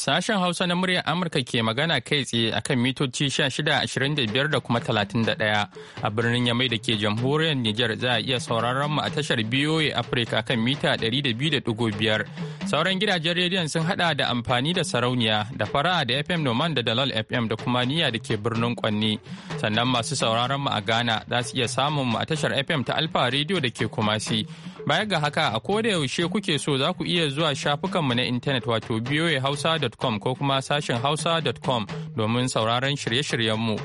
Sashen Hausa na muryar Amurka ke magana kai tsaye akan mitoci 1625 da kuma ɗaya a birnin Yamai da ke jamhuriyar Nijar za a iya sauraron mu a tashar BOA afirka kan mita ɗari da da biyar Sauran gidajen rediyon sun haɗa da amfani da sarauniya da fara'a da FM Noman da Dalal FM da kuma niya da ke birnin Kwanni. Sannan masu sauraron mu a Ghana za su iya samun mu a tashar FM ta Alfa rediyo da ke Kumasi. Baya ga haka a koda yaushe kuke so za ku iya zuwa shafukanmu na intanet wato voahausa.com ko kuma sashen hausa.com domin sauraron shirye-shiryenmu.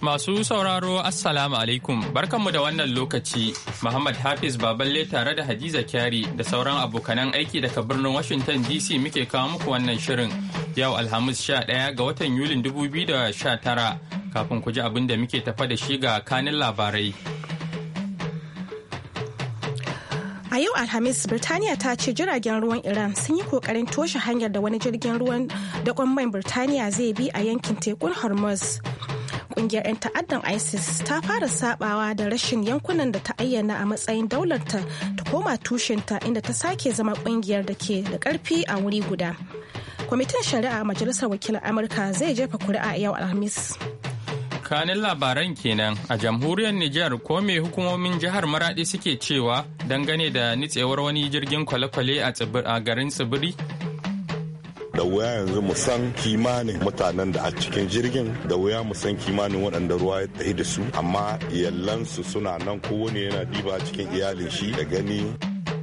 Masu sauraro Assalamu alaikum barkanmu da wannan lokaci Muhammad Hafiz Baballe tare da Hadiza Kyari da sauran abokanan aiki daga birnin Washington DC muke kawo muku wannan shirin yau Alhamis 11 ga watan Yulin 2019. kafin ku ji abin da muke tafa da shi ga kanin labarai. A yau Alhamis, Birtaniya ta ce jiragen ruwan Iran sun yi kokarin toshe hanyar da wani jirgin ruwan dakon mai Birtaniya zai bi a yankin tekun Hormuz. Ƙungiyar 'yan ta'addan ISIS ta fara sabawa da rashin yankunan da ta ayyana a matsayin daularta ta koma tushenta inda ta sake zama ƙungiyar da ke da ƙarfi a wuri guda. Kwamitin Shari'a Majalisar Wakilan Amurka zai jefa kuri'a yau Alhamis. tsakanin labaran kenan a jamhuriyar Nijar ko me hukumomin jihar Maradi suke cewa dangane da nitsewar wani jirgin kwale-kwale a garin tsibiri da wuya yanzu mu san kimanin mutanen da a cikin jirgin da wuya mu san kimanin waɗanda ruwa ya tafi da su amma yallansu suna nan kowane yana diba cikin iyalin shi da gani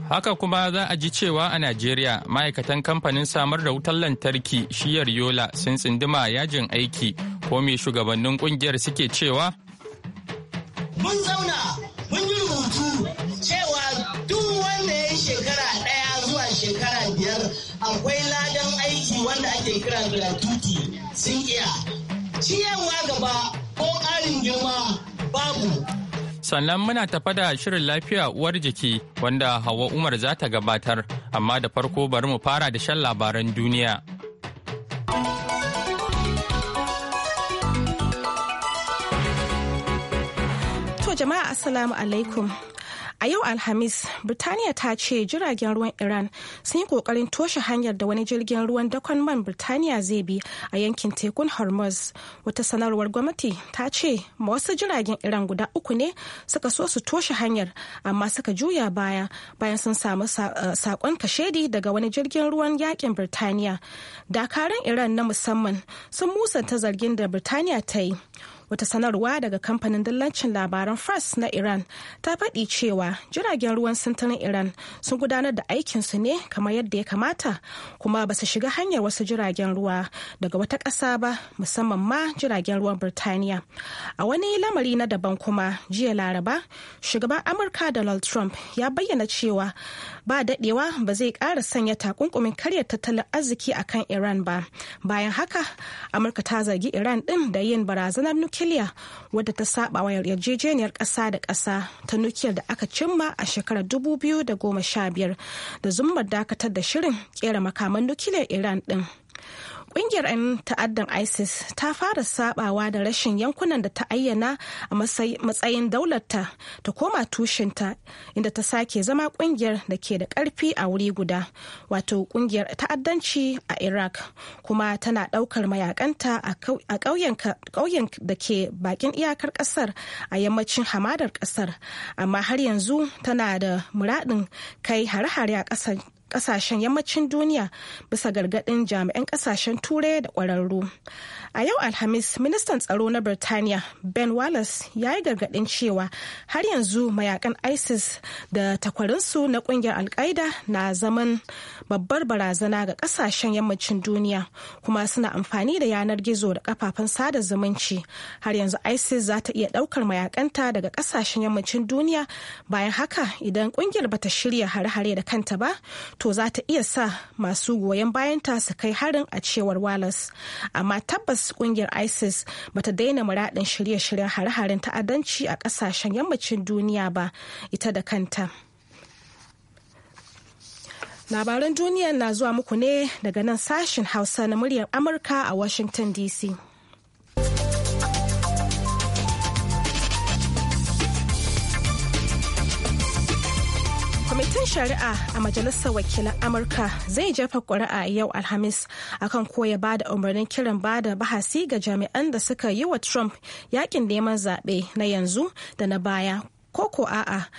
haka kuma za a ji cewa a najeriya ma'aikatan kamfanin samar da wutar lantarki shiyar yola sun tsinduma yajin aiki komi shugabannin kungiyar suke cewa mun zauna mun yi rubutu cewa duk wanda ya shekara ɗaya zuwa shekara biyar akwai ladan aiki wanda ake kira gratuity sun iya ciyarwa gaba ko ƙarin girma babu sannan muna tafa da shirin lafiya uwar jiki wanda hawa umar za ta gabatar amma da farko bari mu fara da shan labaran duniya To jama'a assalamu alaikum. A yau Alhamis, Birtaniya ta ce jiragen ruwan Iran sun yi kokarin toshe hanyar da wani jirgin ruwan dakon man Birtaniya zai bi a yankin tekun Hormuz. Wata sanarwar gwamnati ta ce ma wasu jiragen Iran guda uku ne suka so su toshe hanyar amma suka juya baya bayan sun samu sakon eh, kashedi daga wani jirgin ruwan yakin Birtaniya. Dakarun Iran na musamman sun musanta zargin da Birtaniya ta yi. wata sanarwa daga kamfanin dillancin labaran fars na iran ta faɗi cewa jiragen ruwan sintirin iran sun gudanar da aikinsu ne kamar yadda ya kamata kuma ba su shiga hanyar wasu jiragen ruwa daga wata ƙasa ba musamman ma jiragen ruwan birtaniya a wani lamari na daban kuma jiya laraba shugaban amurka donald trump ya bayyana cewa ba daɗewa ba zai ƙara sanya takunkumin karyar tattalin arziki a kan iran ba bayan haka amurka ta zargi iran ɗin da yin barazanar nukiliya wadda ta saba wa yarjejeniyar ƙasa da ƙasa ta nukiliyar da aka cimma a shekarar 2015 da zumbar dakatar da shirin ƙera makaman nukiliyar iran ɗin Ƙungiyar 'yan ta'addan ISIS ta fara sabawa da rashin yankunan da ta ayyana a matsayin daularta ta koma tushenta inda ta sake zama ƙungiyar da ke da ƙarfi a wuri guda, wato ƙungiyar ta'addanci a Iraq, kuma tana ɗaukar mayakanta a ƙauyen da ke bakin iyakar ƙasar a yammacin hamadar ƙasar, amma har yanzu tana da muradin kai hare-hare a ƙasar kasashen yammacin duniya bisa gargadin jami'an kasashen turai da ƙwararru. A yau Alhamis, ministan tsaro na Birtaniya Ben Wallace ya yi gargadin cewa har yanzu mayakan ISIS da takwarinsu na ƙungiyar alkaida na zaman babbar barazana ga kasashen yammacin duniya kuma suna amfani da yanar gizo da kafafen sada zumunci. Har yanzu ISIS za ta iya ɗaukar mayakanta daga kasashen yammacin duniya bayan haka idan ƙungiyar bata shirya hare-hare da kanta ba to za ta iya sa masu goyon bayanta su kai harin a cewar WALAS, Amma tabbas kungiyar ISIS ta daina muradin shirye-shiryen hare-haren ta'addanci a ƙasashen yammacin duniya ba ita da kanta. Labaran duniya na zuwa muku ne daga nan sashen Hausa na muryar Amurka a Washington DC. shari'a a majalisar wakilan amurka zai jefa ƙuri'a yau alhamis akan ko ya da umarnin kiran ba da bahasi ga jami'an da suka yi wa trump yakin neman zaɓe na yanzu da na baya ko ko a'a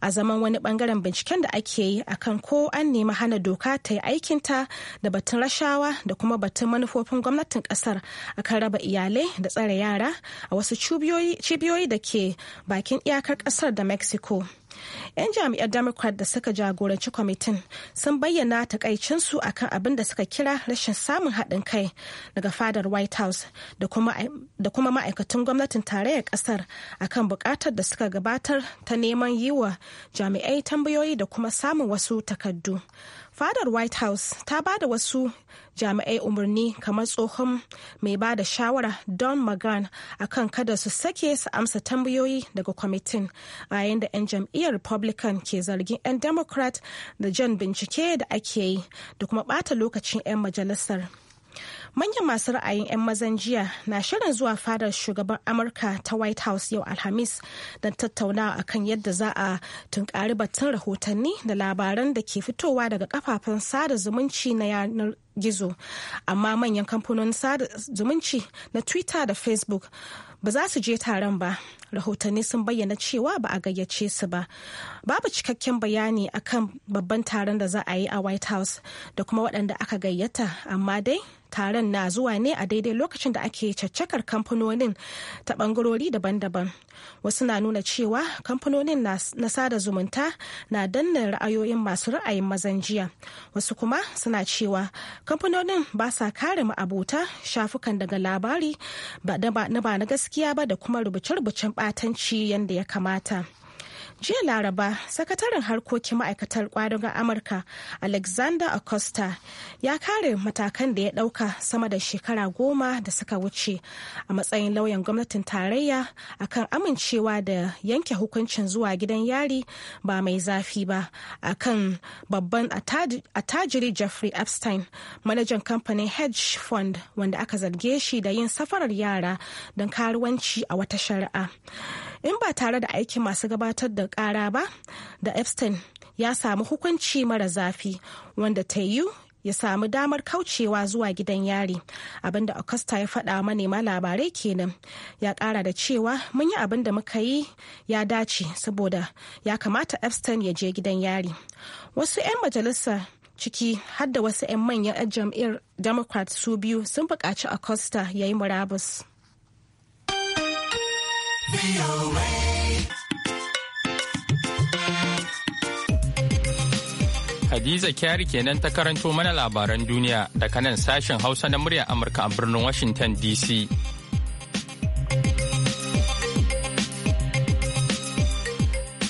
a zaman wani bangaren binciken da ake yi akan ko an nemi hana doka ta yi aikinta da batun rashawa da kuma batun manufofin gwamnatin kasar kan raba iyalai da tsare yara a wasu cibiyoyi da ke bakin iyakar kasar da mexico 'Yan jami'ar Democrat da suka jagoranci kwamitin sun bayyana takaicinsu kan abin da suka kira rashin samun haɗin kai daga fadar White House da kuma ma'aikatan gwamnatin tarayyar ƙasar kan buƙatar da suka gabatar ta neman yi wa jami'ai tambayoyi da kuma samun wasu takardu. Fadar White House ta ba da wasu jami'ai umarni kamar tsohon mai ba da shawara don magan akan kada su sake su amsa tambayoyi daga kwamitin yayin da 'yan jam'iyyar republican ke zargin 'yan democrat da jan bincike da ake yi da kuma bata lokacin 'yan majalisar manyan masu ra'ayin 'yan mazan jiya na shirin zuwa fadar shugaban amurka ta white house yau alhamis don tattaunawa akan yadda za a tunkari batun rahotanni da labaran da ke fitowa daga kafafen sada zumunci na yanar gizo amma manyan kamfanonin sada zumunci na twitter da facebook ba za su je taron ba rahotanni sun bayyana cewa ba a gayyace su ba babu cikakken bayani akan babban taron da za a yi a white house da kuma waɗanda aka gayyata amma dai taron na zuwa ne a daidai lokacin da ake caccakar kamfanonin ta bangarori daban-daban wasu na nuna cewa kamfanonin na sada zumunta na danna ra'ayoyin masu ra'ayin mazan jiya wasu kuma suna cewa kamfanonin ba sa kare ma'abota shafukan daga labari ba na gaskiya ba da kuma rubuce-rubucen batanci yadda ya kamata jiya laraba sakataren harkokin ma'aikatar kwadagon amurka alexander acosta ya kare matakan da ya dauka sama da shekara goma da suka wuce a matsayin lauyan gwamnatin tarayya akan amincewa da yanke hukuncin zuwa gidan yari ba mai zafi ba akan babban attajiri jeffrey epstein manajan kamfanin hedge fund wanda aka zarge shi da yin safarar yara don karuwanci a wata shari'a in ba tare da aikin masu gabatar da kara ba da epstein ya samu hukunci mara zafi wanda ta yiwu ya samu damar kaucewa zuwa gidan yari abinda augusta ya faɗa manema labarai kenan ya ƙara da cewa mun yi abin da muka yi ya dace saboda ya kamata epstein ya je gidan yari wasu 'yan majalisa ciki har da wasu 'yan manyan jam'iyyar democrat su biyu sun buƙaci augusta ya yi murabus Hadiza Kyari kenan ta karanto mana labaran duniya daga nan sashen Hausa na muryar Amurka a birnin Washington DC.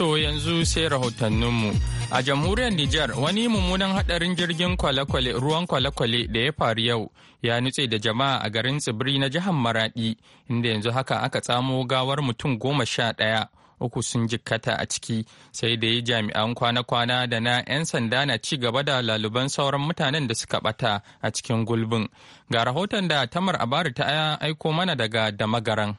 To yanzu sai rahotanninmu. A jamhuriyar Nijar wani mummunan hadarin jirgin kwale-kwale ruwan kwale-kwale da ya faru yau ya nutse da jama'a a garin tsibiri na jihar Maradi inda yanzu haka aka tsamo gawar mutum goma sha ɗaya uku sun jikkata a ciki sai da yi jami'an kwana-kwana da na 'yan sanda na ci gaba da laluban sauran mutanen da suka bata a cikin gulbin. Ga rahoton da Tamar Abari ta aiko mana daga Damagaran.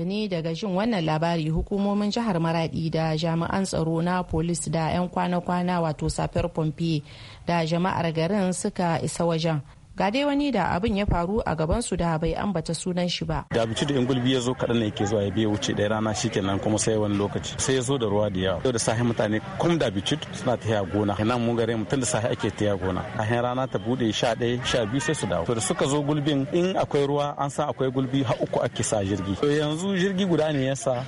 tuni daga jin wannan labari hukumomin jihar maradi da jami'an tsaro na polis da 'yan kwana-kwana wato safiyar pompe da jama'ar garin suka isa wajen ga dai wani da abin ya faru a gaban su da bai ambata sunan shi ba da abici da ingulbi ya zo kadan ne yake zuwa ya biya wuce ɗaya rana shikenan kuma sai wani lokaci sai ya zo da ruwa da yawa yau da sahi mutane kum da abici suna ya gona nan mun gare mu tun da sahi ake ya gona a rana ta bude sha ɗaya sha biyu sai su dawo to da suka zo gulbin in akwai ruwa an san akwai gulbi har uku ake sa jirgi to yanzu jirgi guda ne yasa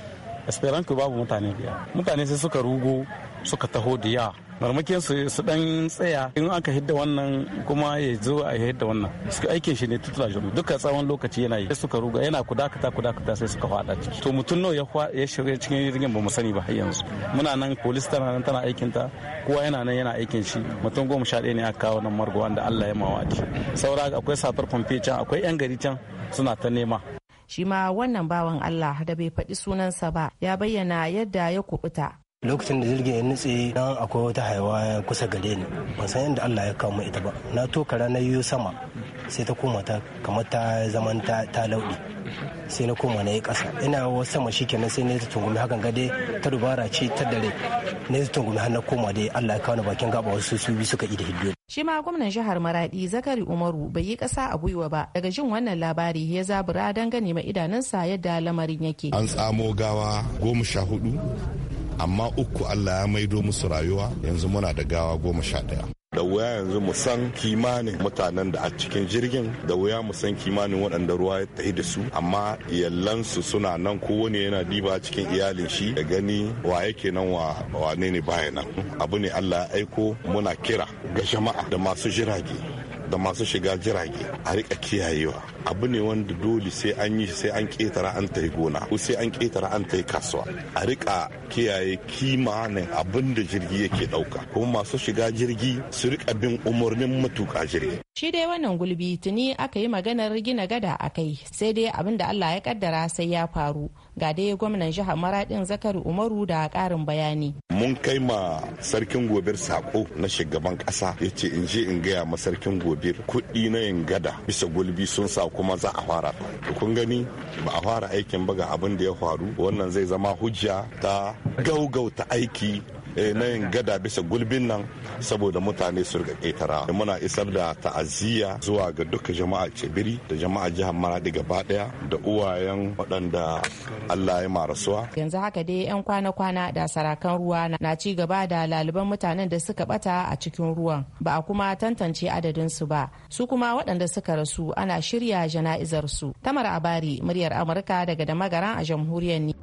esperanto babu mutane biya mutane sai suka rugo suka taho da ya marmakin su su dan tsaya in aka hidda wannan kuma ya zo a hidda wannan suka aikin shi ne tutula jiru duka tsawon lokaci yana yi suka ruga yana kudakata kudakata sai suka fada ciki to mutum nawa ya ya shiga cikin jirgin ba mu sani ba har yanzu muna nan polis tana nan tana aikin ta kowa yana nan yana aikin shi mutum goma sha ɗaya ne aka kawo nan margo wanda Allah ya mawa mawaki saura akwai safar fanfe can akwai yan gari can suna ta nema shima wannan bawan Allah da bai faɗi sunansa ba ya bayyana yadda ya kubuta lokacin da jirgin ya nutse nan akwai wata haiwa kusa gare ni ban san yadda allah ya kawo ita ba na toka rana yiwu sama sai ta koma ta kamar ta zaman ta lauɗi sai na koma na yi ƙasa ina wasu sama shi kenan sai na yi tungumi hakan gade ta dubara ce ta dare na yi tungumi har na koma dai allah ya kawo ni bakin gaba wasu su bi suka ida hiddo shi ma gwamnan jihar maraɗi zakari umaru bai yi ƙasa a gwiwa ba daga jin wannan labari ya zabura don gane ma idanunsa yadda lamarin yake an tsamo gawa goma sha hudu amma uku allah ya maido musu rayuwa yanzu muna da gawa goma sha ɗaya da wuya yanzu mu san kimanin mutanen da a cikin jirgin da wuya mu san kimanin waɗanda ruwa ya tafi da su amma yallansu suna nan kowane yana diba cikin iyalin shi da gani wa yake nan wa wane ne baya abu ne allah ya aiko muna kira ga jama'a da masu jirage da masu shiga jirage a rika kiyayewa abu ne wanda dole sai an yi sai an ketara an tai gona ko sai an ketara an yi kasuwa a rika kiyaye kimanin abin da jirgi yake dauka kuma masu shiga jirgi su rika bin umarnin matuka jirgi shi dai wannan gulbi tuni aka yi maganar gina gada a kai sai dai abin da Allah ya kaddara sai ya faru ga dai gwamnan jihar maradin zakari umaru da karin bayani mun kai ma sarkin gobir sako na shugaban kasa ya ce in je in gaya ma sarkin gobir kuɗi na yin gada bisa gulbi sun sa kuma za a fara to kun gani ba a fara aikin ba ga abin da ya faru wannan zai zama hujja ta gaugauta aiki Eh, na yin gada bisa gulbin nan saboda mutane su riga ƙetara muna isar da ta'aziyya zuwa ga duka jama'a cebiri da jama'a jihar maradi gaba daya da uwayen waɗanda allah ya marasuwa yanzu haka dai yan kwana-kwana da sarakan ruwa na ci gaba da laliban mutanen da suka bata a cikin ruwan ba a kuma tantance adadin su ba su kuma waɗanda suka rasu ana shirya jana'izar su tamar abari muryar amurka daga da magaran a jamhuriyar ni.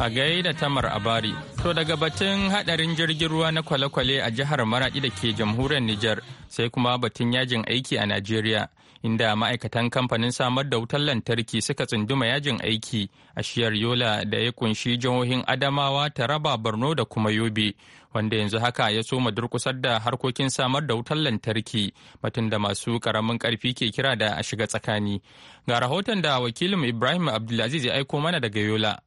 a da tamar abari to daga batun hadarin jirgin ruwa na kwale-kwale a jihar maradi da ke jamhuriyar Nijar sai kuma batun yajin aiki a najeriya inda ma'aikatan kamfanin samar da wutar lantarki suka tsunduma yajin aiki a shiyar yola da ya kunshi jihohin adamawa taraba borno da kuma yobe wanda yanzu haka ya soma durkusar da harkokin samar da wutar lantarki batun da masu karamin karfi ke kira da a shiga tsakani ga rahoton da wakilin ibrahim abdulaziz ya aiko mana daga yola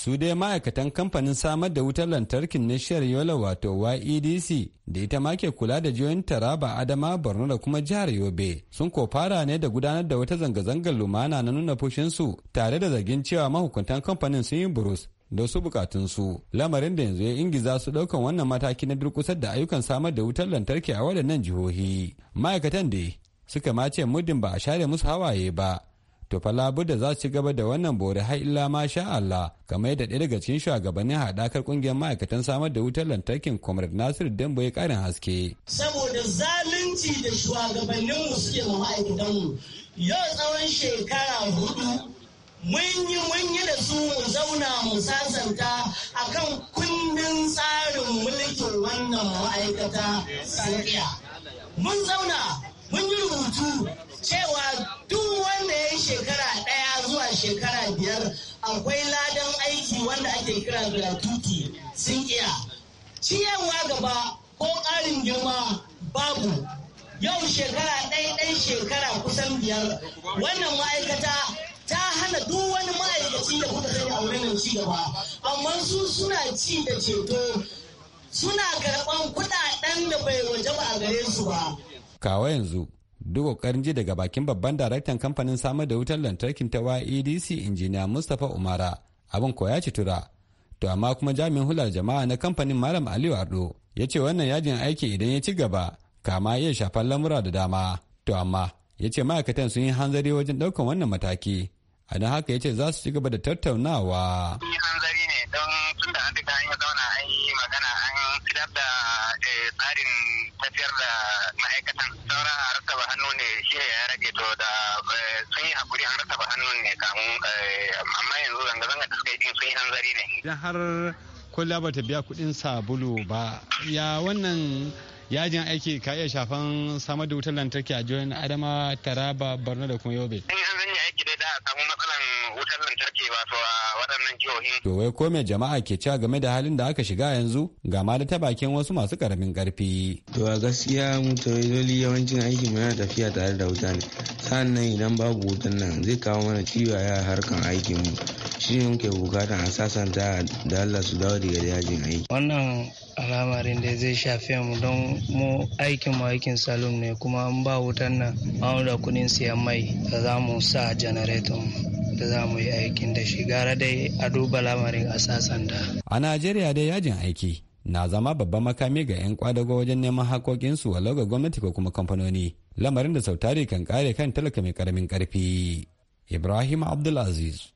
su dai ma'aikatan kamfanin samar da wutar lantarkin na shiyar yola wato yedc da ita ma ke kula da jihohin taraba adama borno da kuma jihar yobe sun ko fara ne da gudanar da wata zanga-zangar lumana na nuna fushinsu tare da zargin cewa mahukuntan kamfanin sun yi burus da su bukatunsu lamarin da yanzu ya ingiza su daukan wannan mataki na durkusar da ayyukan samar da wutar lantarki a waɗannan jihohi ma'aikatan dai suka ma ce muddin ba a share musu hawaye ba to fa labuda za su gaba da wannan bore har illa ma sha Allah kamar yadda ɗaya daga cikin shugabannin haɗakar ƙungiyar ma'aikatan samar da wutar lantarkin Comrade Nasir dambo ya ƙarin haske. Saboda zalunci da shugabanninmu suke ma ma'aikatanmu yau tsawon shekara hudu mun yi mun yi da su mu zauna mu sasanta akan kundin tsarin mulkin wannan ma'aikata tsakiya. Mun zauna mun yi rubutu akwai ladan aiki wanda ake kira gratuity sun iya ciyarwa gaba ko ƙarin girma babu yau shekara ɗaya ɗan shekara kusan biyar wannan ma'aikata ta hana duk wani ma'aikaci da kuka sani a wurin ci gaba amma su suna ci da ceto suna karɓan kuɗaɗen da bai waje ba a gare su ba kawa yanzu duk kokarin ji daga bakin babban daraktan kamfanin samar da wutar lantarkin ta YEDC injiniya Mustapha Umara abin ko ya ci tura to amma kuma jami'in hular jama'a na kamfanin Malam Aliyu Ardo ya ce wannan yajin aiki idan ya ci gaba kama iya shafar lamura da dama to amma ya ce ma'aikatan sun yi hanzari wajen ɗaukan wannan mataki a don haka ya ce za su ci gaba da tattaunawa. ƙoƙari ne idan har kwalla bata biya kuɗin sabulu ba ya wannan yajin aiki ka iya shafan samar da wutar lantarki a jihohin adama taraba borno da kuma yobe in an aiki dai da a samu matsalan wutar lantarki wato a waɗannan jihohin to wai ko jama'a ke cewa game da halin da aka shiga yanzu ga ma ta bakin wasu masu karamin ƙarfi. to a gaskiya mu tawaidoli yawancin aikin mu yana tafiya tare da wuta ne sannan idan babu wutan nan zai kawo mana ciwo a harkan aikin mu shi ne muke bukata a sasanta da Allah su dawo daga yajin aiki. Wannan al'amarin da zai shafe mu don mu aikin mu aikin salon ne kuma an ba wutan nan an da kudin siyan mai da za mu sa janareton da za mu yi aikin da shi gara dai a duba lamarin a sasanta. A Najeriya dai yajin aiki na zama babban makami ga 'yan kwadago wajen neman hakokinsu wa lokacin gwamnati ko kuma kamfanoni lamarin da sautari kan kare kan talaka mai karamin karfi. Ibrahim Abdulaziz.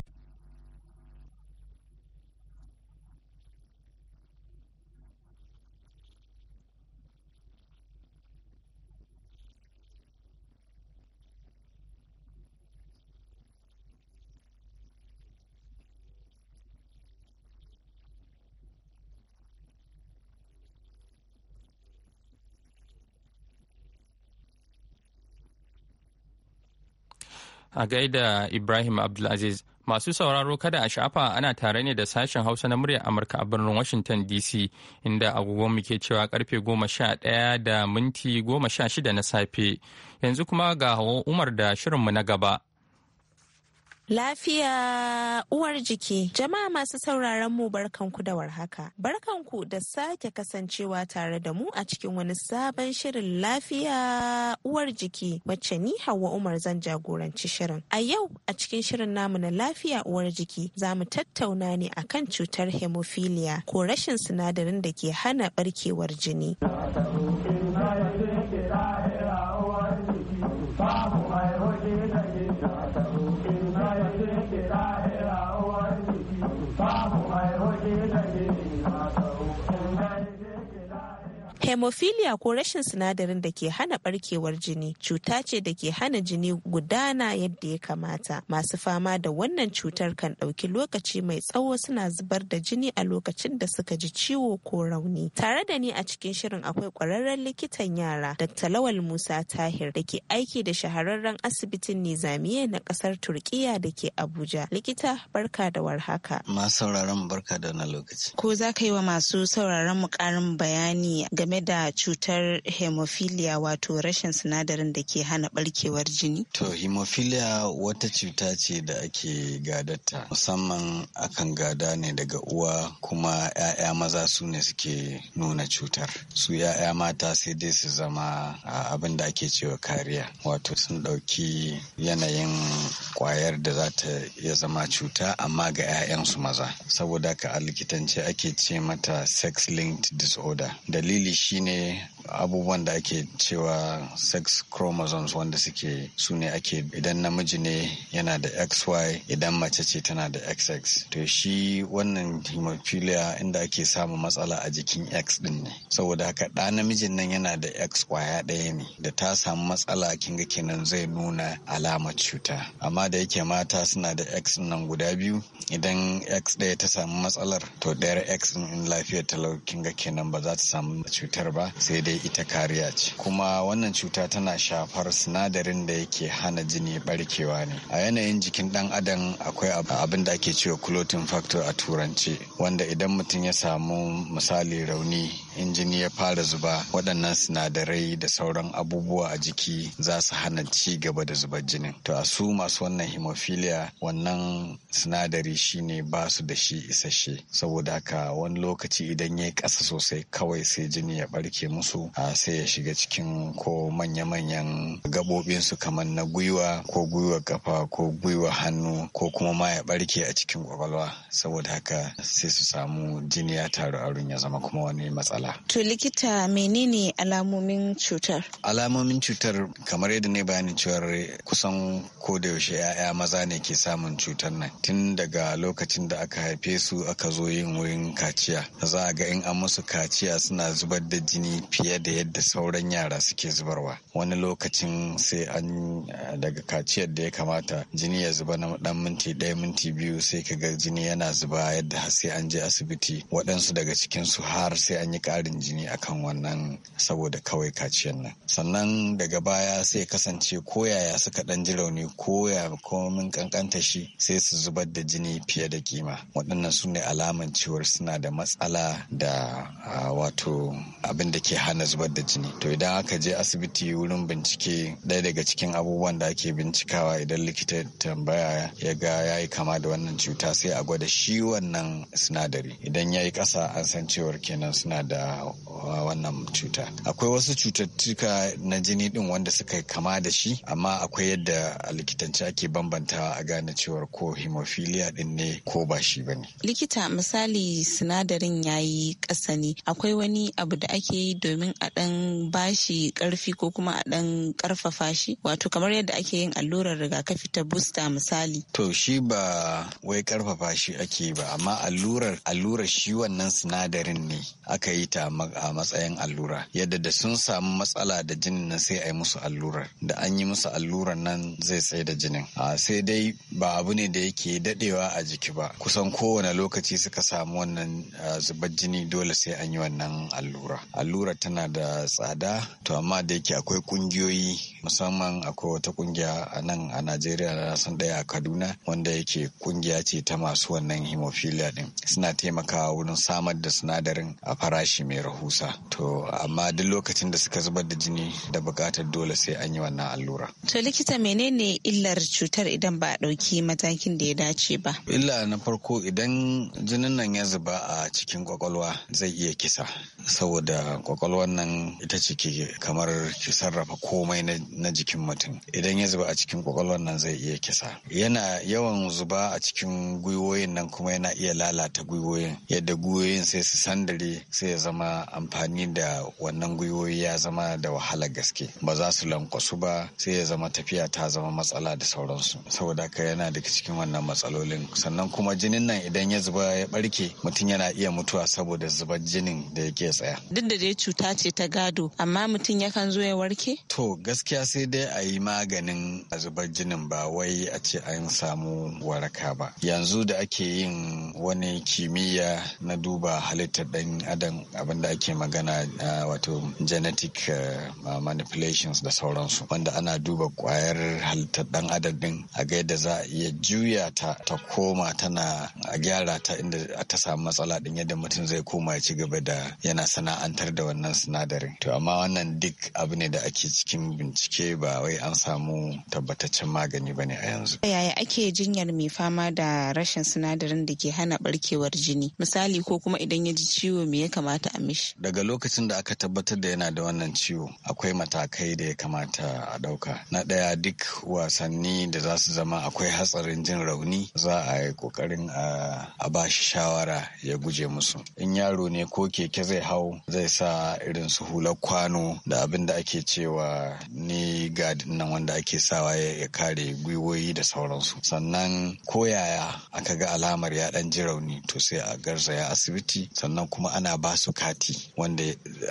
A gaida Ibrahim Abdulaziz masu sauraro kada a shafa ana tare ne da sashen Hausa na murya Amurka a birnin Washington DC inda agogon ke cewa karfe goma sha ɗaya da minti goma sha shida na safe. Yanzu kuma ga hawan Umar da shirinmu na gaba. Lafiya uwar jiki. Jama'a masu sauraron mu barkanku da warhaka. Barkanku da sake kasancewa tare da mu a cikin wani sabon shirin lafiya uwar jiki wacce ni Hauwa Umar zan jagoranci shirin. A yau a cikin shirin namu na lafiya uwar jiki za mu tattauna ne akan cutar hemophilia ko rashin sinadarin da ke hana barkewar jini. Hemophilia ko rashin sinadarin da ke hana barkewar jini cuta ce da ke hana jini gudana yadda ya kamata. Masu fama da wannan cutar kan ɗauki lokaci mai tsawo suna zubar da jini a lokacin da suka ji ciwo ko rauni. Tare da ni a cikin shirin akwai ƙwararren likitan yara Dr. Lawal Musa Tahir da ke aiki da shahararren asibitin Nizamiya na ƙasar Turkiya da ke Abuja. Likita barka da warhaka. Masu sauraron barka da wani lokaci. Ko za ka yi wa masu sauraron mu ƙarin bayani game da cutar hemophilia wato rashin sinadarin da ke hana barkewar jini? To hemophilia wata cuta ce da ake gadata musamman akan gada ne daga uwa kuma 'ya'ya maza su ne suke nuna cutar. Su 'ya'ya mata sai dai su zama abin da ake cewa kariya wato sun ɗauki yanayin kwayar da za ta iya zama cuta amma ga 'ya'yansu maza saboda ka a likitance ake ce mata sex linked disorder dalili ne abubuwan da ake cewa sex chromosomes wanda suke su ne ake idan namiji ne yana da xy idan mace ce tana da xx to shi wannan hemophilia inda ake samun matsala a jikin x din ne saboda haka ɗa namijin nan yana da x kwaya ɗaya ne da ta samu matsala kinga kenan zai nuna alama cuta amma da yake mata suna da x nan guda biyu idan x ɗaya ta samu matsalar to ɗayar x in lafiyar talaukin kinga kenan ba za ta samu cuta cutar ba sai dai ita kariya ce kuma wannan cuta tana shafar sinadarin da yake hana jini barkewa ne a yanayin jikin dan adam akwai abin da ake cewa clotting factor a turance wanda idan mutum ya samu misali rauni injini ya fara zuba waɗannan sinadarai da sauran abubuwa a jiki za su hana ci gaba da zubar jinin to a su masu wannan hemophilia wannan sinadari shine ba su da shi isasshe saboda haka wani lokaci idan ya ƙasa sosai kawai sai jini ya ɓarke musu a sai ya shiga cikin ko manya-manyan su kamar na gwiwa ko gwiwa kafa ko gwiwa hannu ko kuma ma ya ɓarke a cikin kwakwalwa saboda haka sai su samu jini ya taru a ya zama kuma wani matsala To likita menene alamomin cutar? Alamomin cutar kamar yadda ne bayanin cewar kusan ko da yaushe 'ya'ya maza ne ke samun cutar nan tun daga lokacin da aka haife su aka zo yin wurin kaciya za a ga in an musu kaciya suna zubar da jini fiye da yadda sauran yara suke zubarwa wani lokacin sai an daga kaciyar da ya kamata jini ya zuba na dan minti ɗaya minti biyu sai ka ga jini yana zuba yadda sai an je asibiti waɗansu daga cikin su har sai an yi ƙarin jini akan wannan saboda kawai kaciyan nan sannan daga baya sai kasance koyaya suka ɗan ji rauni koya komin kankanta shi sai su zubar da jini fiye da kima waɗannan su ne alaman cewar suna da matsala da wato abin da ke hana zubar da jini to idan aka je asibiti wurin bincike ɗaya daga cikin abubuwan da ake bincikawa idan likita tambaya ya ga ya yi kama da wannan cuta sai a gwada shi wannan sinadari idan ya yi ƙasa an san cewar kenan suna da da wannan cuta akwai wasu cututtuka na jini din wanda suka kama da shi amma akwai yadda a likitance ake bambantawa a gane cewar ko hemophilia din ne ko ba shi ba ne likita misali sinadarin ya yi ƙasa ne akwai wani abu da ake yi domin a ɗan bashi ƙarfi ko kuma a ɗan ƙarfafa shi wato kamar yadda ake yin allurar rigakafi ta booster misali to shi ba wai ƙarfafa shi ake ba amma allurar allurar shi wannan sinadarin ne aka yi ita a matsayin allura yadda da sun samu matsala da jinin nan sai a yi musu allurar da an yi musu allurar nan zai tsaye da jinin a sai dai ba abu ne da yake dadewa a jiki ba kusan kowane lokaci suka samu wannan zubar jini dole sai an yi wannan allura allura tana da tsada to amma da yake akwai kungiyoyi musamman akwai wata kungiya a nan a najeriya na san daya a kaduna wanda yake kungiya ce ta masu wannan hemophilia din suna taimakawa wurin samar da sinadarin a farashi shi mai rahusa to amma duk lokacin da suka zubar da jini da bukatar dole sai an yi wannan allura. To likita menene illar cutar idan ba a ɗauki matakin da ya dace ba? Illa na farko idan jinin nan ya zuba a cikin kwakwalwa zai iya kisa saboda kwakwalwar nan ita ce ke kamar ki sarrafa komai na jikin mutum idan ya zuba a cikin kwakwalwan nan zai iya kisa yana yawan zuba a cikin gwiwoyin nan kuma yana iya lalata gwiwoyin yadda gwiwoyin sai su sandare sai ya zama amfani da wannan gwiwoyi ya zama da wahala gaske ba za su lankwasu ba sai ya zama tafiya ta zama matsala da sauransu saboda haka yana daga cikin wannan matsalolin sannan kuma jinin nan idan ya zuba ya barke mutum yana iya mutuwa saboda zubar jinin da yake tsaya duk da dai cuta ce ta gado amma mutum yakan zo ya warke to gaskiya sai dai a yi maganin a zubar jinin ba wai a ce an samu waraka ba yanzu da ake yin wani kimiyya na duba halittar dan adam abin da ake magana wato genetic eh, manipulations da sauransu wanda ana duba kwayar halittar dan adadin, a ga yadda za a iya juya ta ta koma tana a gyara ta inda ta samu matsala din yadda mutum zai koma ya ci gaba da yana sana'antar da wannan sinadarin to amma wannan duk abu ne da ake cikin bincike ba wai an samu tabbataccen magani bane a yanzu yaya ake jinyar mai fama da rashin sinadarin da ke hana barkewar jini misali ko kuma idan ya ji ciwo me ya kamata a mishi. Daga lokacin da aka tabbatar da yana da wannan ciwo akwai matakai da ya kamata a ɗauka. Na ɗaya duk wasanni da za su zama akwai hatsarin jin rauni za a yi ƙoƙarin a ba shi shawara ya guje musu. In yaro ne ko keke zai hau zai sa irin su hular kwano da abin da ake cewa ni gad nan wanda ake sawa ya kare gwiwoyi da sauransu. Sannan ko yaya aka ga alamar ya ɗan ji rauni to sai a garzaya asibiti sannan kuma ana ba su sukati kati wanda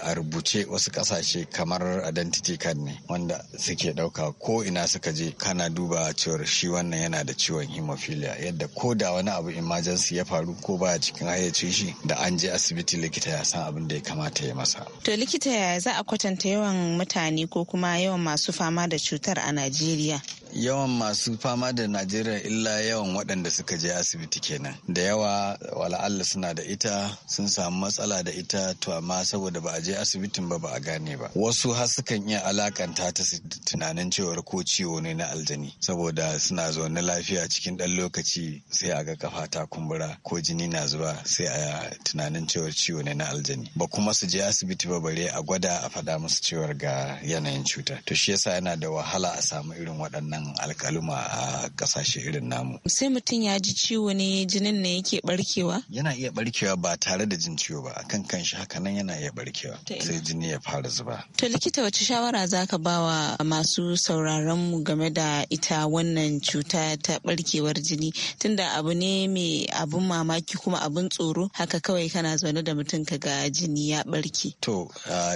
a rubuce wasu kasashe kamar identity card ne wanda suke dauka ko ina suka je kana duba cewar shi wannan yana da ciwon hemophilia yadda ko da wani abu emergency ya faru ko ba cikin hayyacin shi da an je asibiti likita ya san abin da ya kamata ya masa to likita ya za a kwatanta yawan mutane ko kuma yawan masu fama da cutar a najeriya yawan masu fama da najeriya illa yawan waɗanda suka je asibiti kenan da yawa wala'alla suna da ita sun samu matsala da ita to amma saboda ba a je asibitin ba ba a gane ba wasu har sukan iya alakanta ta tunanin cewar ko ciwo ne na aljani saboda suna zaune lafiya cikin ɗan lokaci sai a ga kafa ta kumbura ko jini na zuba sai a tunanin cewar ciwo ne na aljani ba kuma su je asibiti ba bare a gwada a faɗa musu cewar ga yanayin cuta to shi yasa yana da wahala a samu irin waɗannan wannan alkaluma a kasashe irin namu. Sai mutum ya ji ciwo ne jinin ne yake barkewa? Yana iya barkewa ba tare da jin ciwo ba akan kanshi haka nan yana iya barkewa sai jini ya fara zuba. To likita wace shawara za ka ba wa masu sauraron mu game da ita wannan cuta ta barkewar jini tunda abu ne mai abun mamaki kuma abun tsoro haka kawai kana zaune da mutum ka ga jini ya barke. To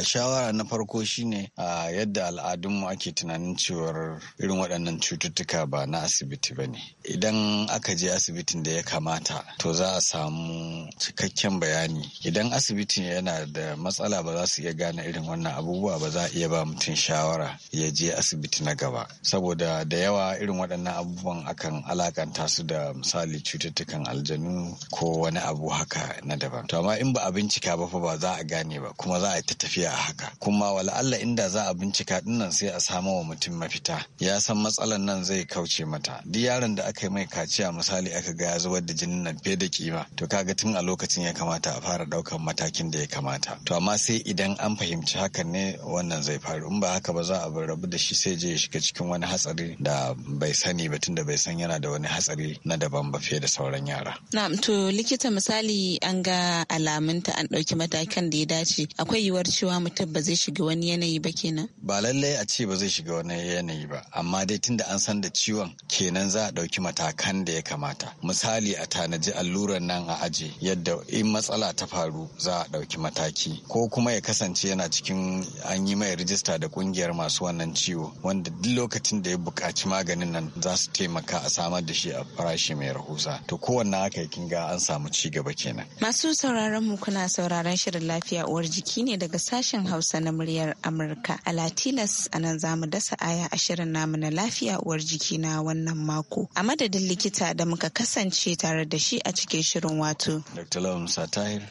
shawara na farko shine yadda al'adunmu ake tunanin cewar irin waɗannan waɗannan cututtuka ba na asibiti ba ne idan aka je asibitin da ya kamata to za a samu cikakken bayani idan asibitin yana da matsala ba za su iya gane irin wannan abubuwa ba za a iya ba mutum shawara ya je asibiti na gaba saboda da yawa irin waɗannan abubuwan akan alakanta su da misali cututtukan aljanu ko wani abu haka na daban to amma in ba a bincika ba fa ba za a gane ba kuma za a ta tafiya a haka kuma wala'alla inda za a bincika dinnan sai a samo wa mutum mafita ya san matsala matsalan nan zai kauce mata duk yaron da aka yi mai kaciya misali aka ga ya zubar da jinin nan fiye da kima to kaga tun a lokacin ya kamata a fara daukan matakin da ya kamata to amma sai idan an fahimci hakan ne wannan zai faru in ba haka ba za a bar rabu da shi sai je ya shiga cikin wani hatsari da bai sani ba tunda bai san yana da wani hatsari na daban ba fiye da sauran yara na'am to likita misali an ga alamunta an dauki matakan da ya dace akwai yiwuwar cewa mutum ba zai shiga wani yanayi ba kenan ba lallai a ce ba zai shiga wani yanayi ba amma dai tun lokacin da an san da ciwon kenan za a ɗauki matakan da ya kamata misali a tanaji allurar nan a aje yadda in matsala ta faru za a ɗauki mataki ko kuma ya kasance yana cikin an yi mai rijista da kungiyar masu wannan ciwo wanda duk lokacin da ya buƙaci maganin nan za su taimaka a samar da shi a farashi mai rahusa to kowanne haka kin ga an samu ci gaba kenan masu sauraron mu kuna sauraron shirin lafiya uwar jiki ne daga sashen hausa na muryar amurka a latinas a nan za mu dasa aya a shirin namu na lafiya lafiya uwar jiki wannan mako. A madadin likita da muka kasance tare da shi a cikin shirin wato.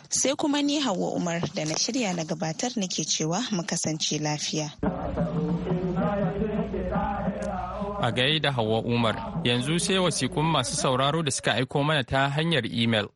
Sai kuma ni Hauwa Umar da na shirya na gabatar nake cewa mu kasance lafiya. A gai da Hauwa Umar, yanzu sai wasikun masu sauraro da suka aiko mana ta hanyar imel.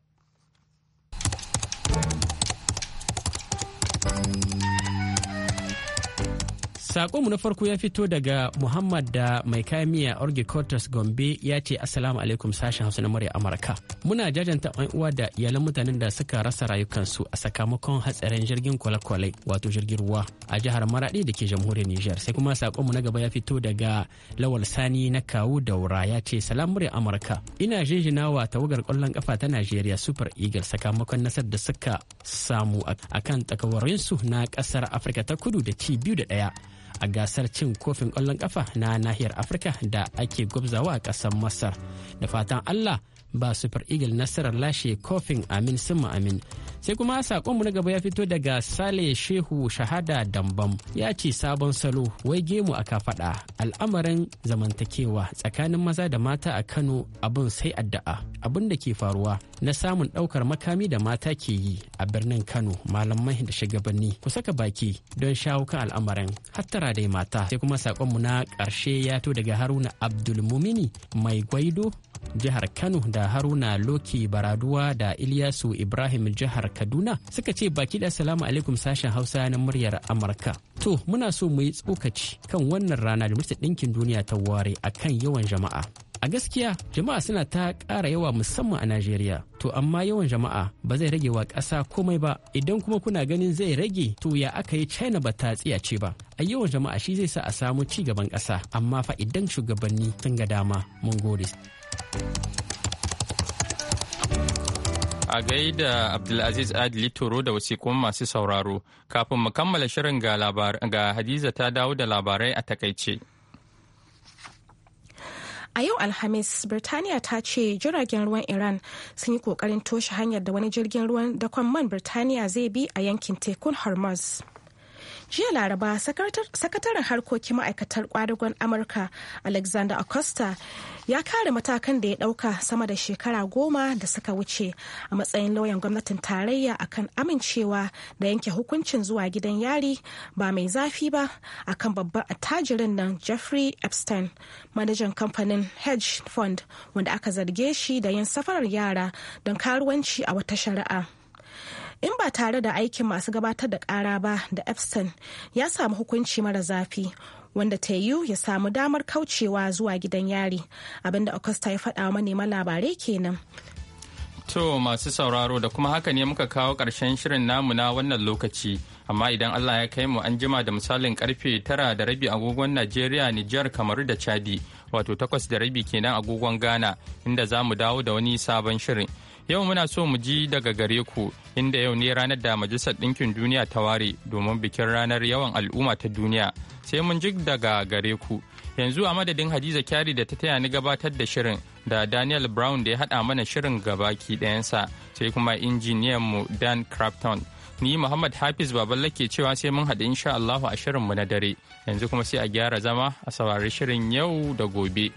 mu na farko ya fito daga Muhammad da mai kamiya Orgi Cortes Gombe ya ce Assalamu alaikum sashen Hausa na murya Amurka. Muna jajanta ɗan uwa da iyalan mutanen da suka rasa rayukansu a sakamakon hatsarin jirgin kwale-kwale wato jirgin ruwa a jihar Maradi da ke jamhuriyar Nijar. Sai kuma mu na gaba ya fito daga Lawal Sani na Kawu Daura ya ce Salam murya Amurka. Ina jinjina wa tawagar ƙwallon kafa ta Najeriya Super Eagles sakamakon nasar da suka samu a kan takawarinsu na ƙasar Afirka ta Kudu da ci biyu da ɗaya. a gasar cin kofin ƙwallon ƙafa na nahiyar Afirka da ake gwabzawa a ƙasar Masar. Da fatan Allah ba super eagle nasarar lashe kofin amin sun amin sai kuma sakonmu na gaba ya fito daga sale shehu shahada dambam ya ce sabon salo wai gemu aka kafaɗa al'amarin zamantakewa tsakanin maza da mata a kano abun sai addu'a abin da ke faruwa na samun ɗaukar makami da mata ke yi a birnin kano malamai da shugabanni ku saka baki don shawo kan al'amarin hattara dai mata sai kuma sakonmu na ƙarshe ya to daga haruna abdulmumini mai gwaido jihar kano da haruna loki baraduwa da ilyasu ibrahim jihar kaduna suka ce baki da salamu alaikum sashen hausa na muryar amurka to muna so mu yi tsokaci kan wannan rana da majalisar ɗinkin duniya ta ware a kan yawan jama'a a gaskiya jama'a suna ta ƙara yawa musamman a najeriya to amma yawan jama'a ba zai rage wa ƙasa komai ba idan kuma kuna ganin zai rage to ya aka yi china ba ta tsiyace ba a yawan jama'a shi zai sa a samu ci gaban ƙasa amma fa idan shugabanni sun ga dama mun gode A gaida Abdulaziz Adli Toro da wasiƙun masu sauraro, kafin mu kammala shirin ga, Hadiza ta dawo da labarai a takaice. A yau Alhamis, Birtaniya ta ce jiragen ruwan Iran sun yi ƙoƙarin toshe hanyar da wani jirgin ruwan dakon man Birtaniya zai bi a yankin tekun Hormuz. jiya laraba sakataren harkokin ma'aikatar kwadagon amurka alexander acosta ya kare matakan da ya dauka sama da shekara goma da suka wuce a matsayin lauyan gwamnatin tarayya akan amincewa da yanke hukuncin zuwa gidan yari ba mai zafi ba akan babban attajirin nan jeffrey epstein manajan kamfanin hedge fund wanda aka zarge shi da yin safarar yara don karuwanci a wata shari'a in ba tare da aikin masu gabatar da kara ba da epstein ya samu hukunci mara zafi wanda tayu ya samu damar kaucewa zuwa gidan yari abinda augusta ya faɗa manema labarai kenan To masu sauraro da kuma haka ne muka kawo ƙarshen shirin namu na wannan lokaci. Amma idan Allah ya kai mu an jima da misalin karfe tara da rabi agogon Najeriya, Nijar, Kamaru da Chadi, wato takwas da rabi kenan agogon Ghana, inda za mu dawo da wani sabon shirin. Yau muna so mu ji daga gare ku inda yau ne ranar da Majalisar Ɗinkin Duniya ta ware domin bikin ranar yawan al'umma ta duniya. Sai mun ji daga gare ku. Yanzu a madadin Hadiza Kyari da ta taya ni gabatar da shirin da Daniel Brown da ya haɗa mana shirin gabaki ɗayansa sai kuma injiniyan mu Dan Crafton. Ni Muhammad Hafiz Baballe ke cewa sai mun haɗu insha Allahu a shirin mu na dare. Yanzu kuma sai a gyara zama a saurari shirin yau da gobe.